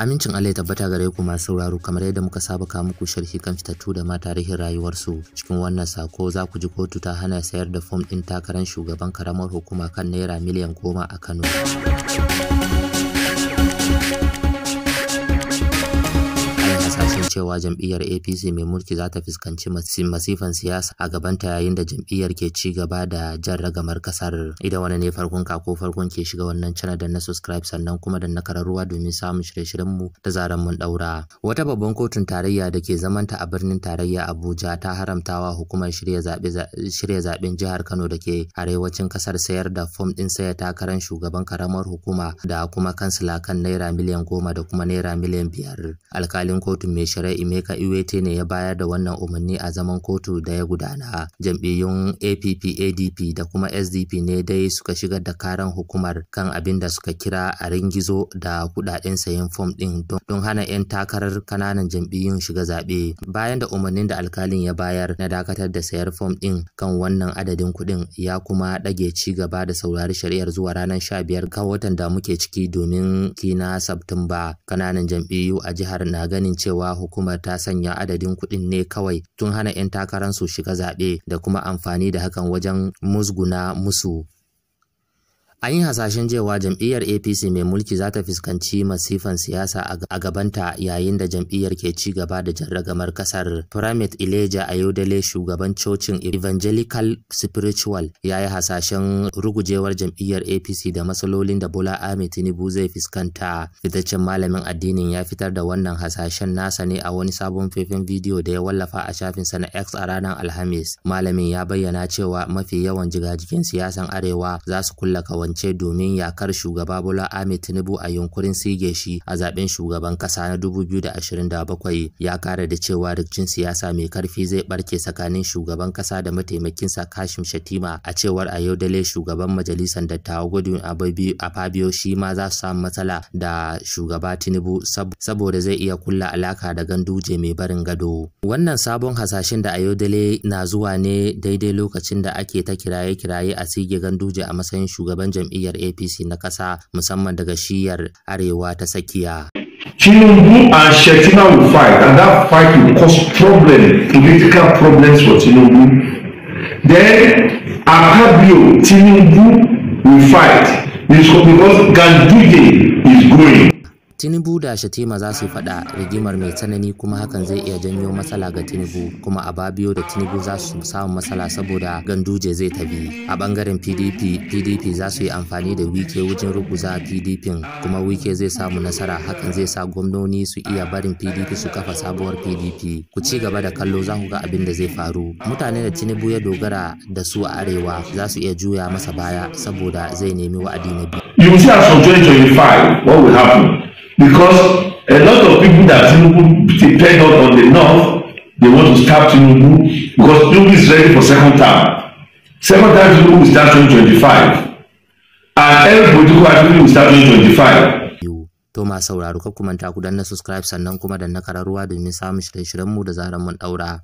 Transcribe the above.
Amincin Allah ya tabbata gare ku masu sauraro kamar yadda muka saba ka muku sharhi kan fitattu da ma tarihin rayuwarsu. Cikin wannan sako za ku ji kotu ta hana sayar da fom ɗin takarar shugaban karamar hukuma kan naira miliyan goma a Kano. cewa jam'iyyar APC mai mulki za ta fuskanci masifan siyasa a gabanta yayin da jam'iyyar ke ci gaba da jan ragamar kasar. Idan wani ne farkon ka ko farkon ke shiga wannan channel da na subscribe sannan kuma da na kararruwa domin samun shirye-shiryen mu da zaran mun daura. Wata babban kotun tarayya da ke zamanta a birnin tarayya Abuja ta haramtawa hukumar shirya zaben jihar Kano da ke arewacin kasar sayar da fom ɗin saya takarar shugaban karamar hukuma da kuma kansila kan naira miliyan goma da kuma naira miliyan biyar. Alkalin kotun mai shari'a Najeriya Emeka Iwete ne ya bayar da wannan umarni a zaman kotu da ya gudana. Jam'iyyun APP, ADP da kuma SDP ne dai suka shigar da karan hukumar kan abin da suka kira a ringizo da kudaden sayen fom din don hana 'yan takarar kananan jam'iyyun shiga zaɓe. Bayan da umarnin da alkalin ya bayar na dakatar da sayar fom din kan wannan adadin kuɗin ya kuma ɗage ci gaba da saurari shari'ar zuwa ranar 15 ga watan da muke ciki domin kina Satumba. Kananan jam'iyyu a jihar na ganin cewa hukumar hukumar ta sanya adadin kuɗin ne kawai tun hana 'yan takararsu shiga zaɓe da kuma amfani da hakan wajen musguna musu An yi hasashen cewa jam'iyyar APC mai mulki za ta fuskanci masifan siyasa a gabanta yayin da jam'iyyar ke ci gaba da jarragamar kasar. Primate Ileja Ayodele shugaban cocin Evangelical Spiritual ya yi hasashen rugujewar jam'iyyar APC da matsalolin da Bola Ahmed Tinubu zai fuskanta. Fitaccen malamin addinin ya fitar da wannan hasashen nasa ne a wani sabon faifin bidiyo da ya wallafa a shafinsa na X a ranar Alhamis. Malamin ya bayyana cewa mafi yawan jigajigen siyasan Arewa za su kulla kawai kawance domin yakar shugaba Bola Ahmed Tinubu a yunkurin sige shi a zaben shugaban kasa na 2027 ya kara da cewa rikicin siyasa mai karfi zai barke tsakanin shugaban kasa da mataimakin sa Kashim Shatima a cewar a dale shugaban majalisar dattawa Godwin Ababi a Fabio shi ma za su samu matsala da shugaba Tinubu saboda zai iya kulla alaka da ganduje mai barin gado. Wannan sabon hasashen da a dale na zuwa ne daidai lokacin da ake ta kiraye-kiraye a sige ganduje a matsayin shugaban jam'iyyar apc na ƙasa musamman daga shiyar arewa ta tsakiya Tinubu and Shekina will fight, and that fight will cause problem, political problems for Tinubu. Then Akabio Tinubu will fight because Ganduje is going. tinubu da shatima za su faɗa rigimar mai tsanani kuma hakan zai iya janyo matsala ga tinubu kuma a babiyo da tinubu za su samu matsala saboda ganduje zai tafi a bangaren pdp pdp za su yi amfani da wike wajen ruguza pdp kuma wike zai samu nasara hakan zai sa gwamnoni su iya barin pdp su kafa sabuwar pdp ku ci gaba da kallo za ku ga abin da zai faru mutane da tinubu ya dogara da su a arewa za su iya juya masa baya saboda zai nemi wa'adi na biyu. You see 2025 what will happen? because a lot of people that Tinubu depend on on the north they want to stab Tinubu because Tinubu is ready for second term second term Tinubu will start 2025 and every political activity will start 2025 Thomas ma sauraro ka kuma ta ku na subscribe sannan kuma na kararruwa domin samun shirye-shiryenmu da zaran mun daura